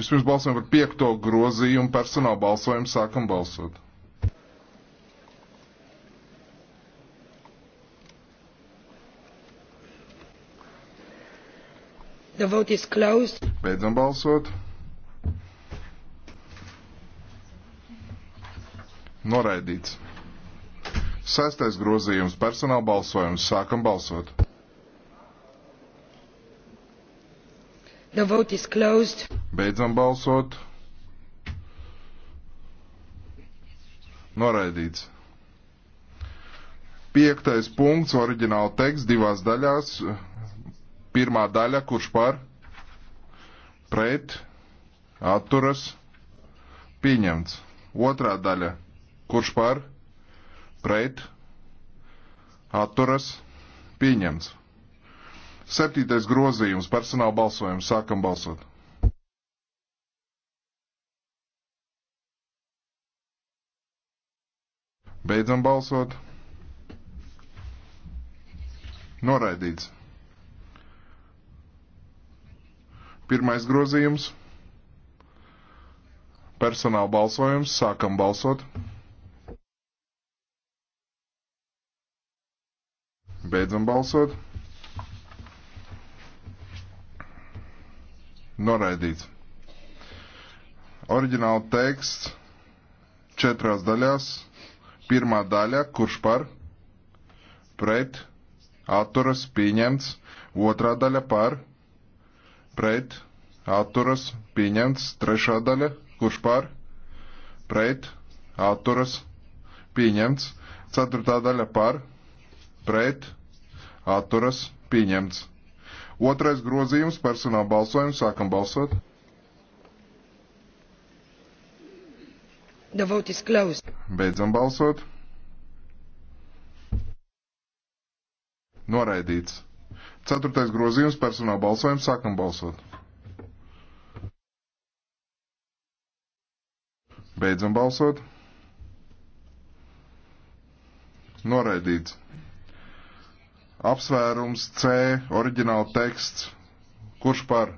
Vispirms balsojam par piekto grozījumu personāla balsojumu. Sākam balsot. The vote is closed. Beidzam balsot. Noraidīts. Sestais grozījums - personāla balsojums. Sākam balsot. The vote is closed. Beidzam balsot. Noraidīts. Piektais punkts, oriģināla teksts divās daļās. Pirmā daļa, kurš par, pret, atturas, pieņemts. Otrā daļa, kurš par, pret, atturas, pieņemts. Septītais grozījums, personāla balsojums, sākam balsot. Beidzam balsot. Noraidīts. Pirmais grozījums. Personāla balsojums. Sākam balsot. Beidzam balsot. Noraidīts. Oriģināla teksts četrās daļās. Pirmā daļa, kurš par, pret, atturas, pieņemts. Otrā daļa par, pret, atturas, pieņemts. Trešā daļa, kurš par, pret, atturas, pieņemts. Ceturtā daļa par, pret, atturas, pieņemts. Otrais grozījums - personāla balsojums. Sākam balsot. The vote is closed. Beidzam balsot. Noraidīts. Ceturtais grozījums personāla balsojums. Sākam balsot. Beidzam balsot. Noraidīts. Apsvērums C, oriģināla teksts. Kurš par?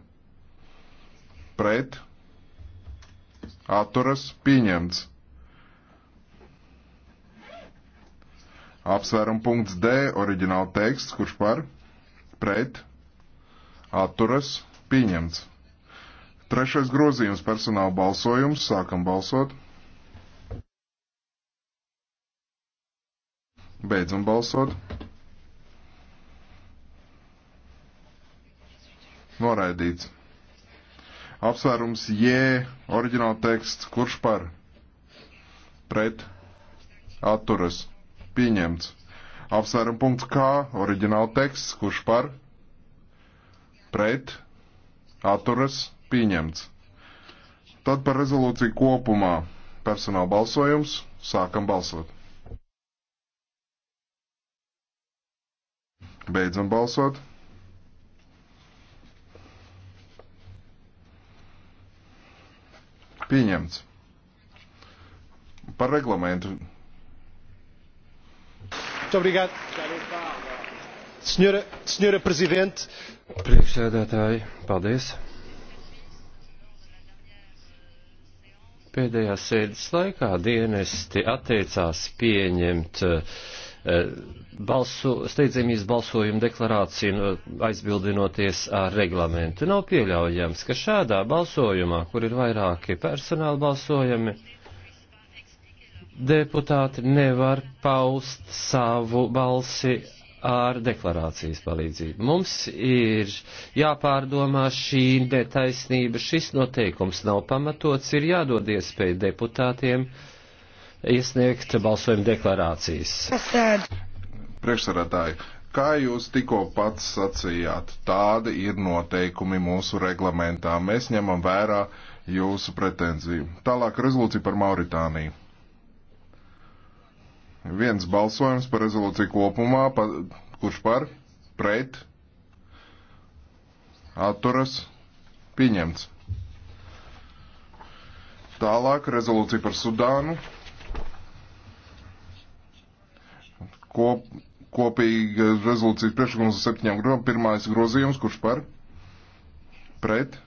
Pret. Atturas pieņemts. Apsvērum punkts D, oriģināla teksts, kurš par, pret, atturas, pieņemts. Trešais grozījums, personāla balsojums, sākam balsot. Beidzam balsot. Noraidīts. Apsvērums J, oriģināla teksts, kurš par, pret, atturas, Pieņemts. Apsvērum punkts K, oriģināla teksts, kurš par, pret, atturas, pieņemts. Tad par rezolūciju kopumā personāla balsojums, sākam balsot. Beidzam balsot. Pieņemts. Par reglamentu Senhora Presidente. Priekšsēdētāji, paldies. Pēdējās sēdes laikā dienesti atteicās pieņemt eh, balsu, steidzamības balsojuma deklarāciju aizbildinoties ar reglamentu. Nav pieļaujams, ka šādā balsojumā, kur ir vairāki personāli balsojumi, deputāti nevar paust savu balsi ar deklarācijas palīdzību. Mums ir jāpārdomā šī netaisnība, šis noteikums nav pamatots, ir jādod iespēju deputātiem iesniegt balsojumu deklarācijas. Priekšsarētāji, kā jūs tikko pats sacījāt, tādi ir noteikumi mūsu reglamentā. Mēs ņemam vērā jūsu pretenziju. Tālāk rezolūcija par Mauritāniju. Viens balsojums par rezolūciju kopumā, pa, kurš par, pret, atturas, pieņemts. Tālāk rezolūcija par Sudānu. Kop, kopīga rezolūcijas priekšlikums ar septiņām grupām. Pirmais grozījums, kurš par, pret,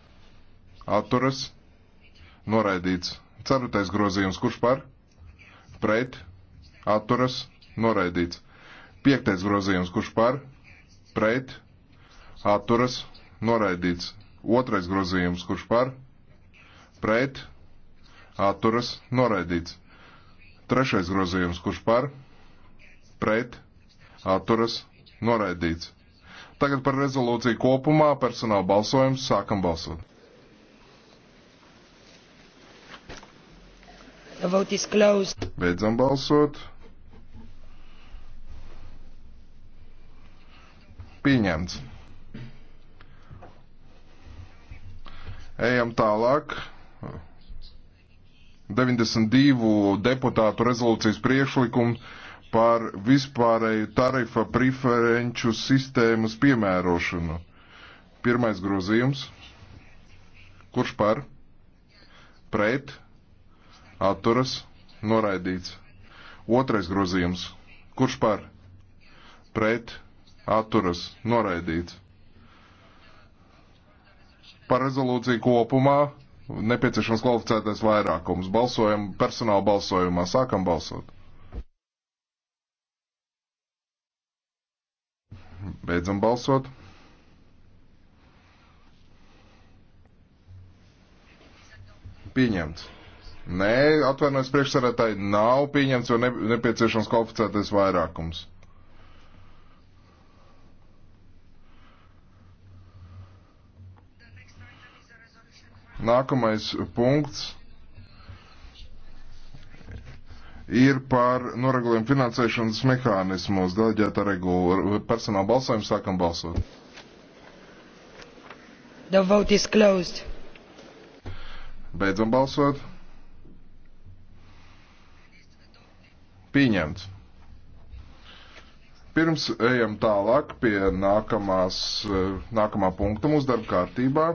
atturas, noraidīts. Ceturtais grozījums, kurš par, pret, atturas atturas noraidīts. Piektais grozījums, kurš par, pret, atturas noraidīts. Otrais grozījums, kurš par, pret, atturas noraidīts. Trešais grozījums, kurš par, pret, atturas noraidīts. Tagad par rezolūciju kopumā personāla balsojums sākam balsot. Beidzam balsot. Pieņemts. Ejam tālāk. 92 deputātu rezolūcijas priekšlikumu par vispārēju tarifa preferenču sistēmas piemērošanu. Pirmais grozījums. Kurš par? Pret? Atturas? Noraidīts. Otrais grozījums. Kurš par? Pret? atturas noraidīts. Par rezolūciju kopumā nepieciešams kvalificētais vairākums. Balsojam personāla balsojumā. Sākam balsot. Beidzam balsot. Pieņemts. Nē, atvainojos priekšsarētāji, nav pieņemts, jo nepieciešams kvalificētais vairākums. Nākamais punkts ir par noregulējumu finansēšanas mehānismos. Daļģēta regula personāla balsojumu sākam balsot. The vote is closed. Beidzam balsot. Pieņemts. Pirms ejam tālāk pie nākamās, nākamā punkta mūsu darba kārtībā.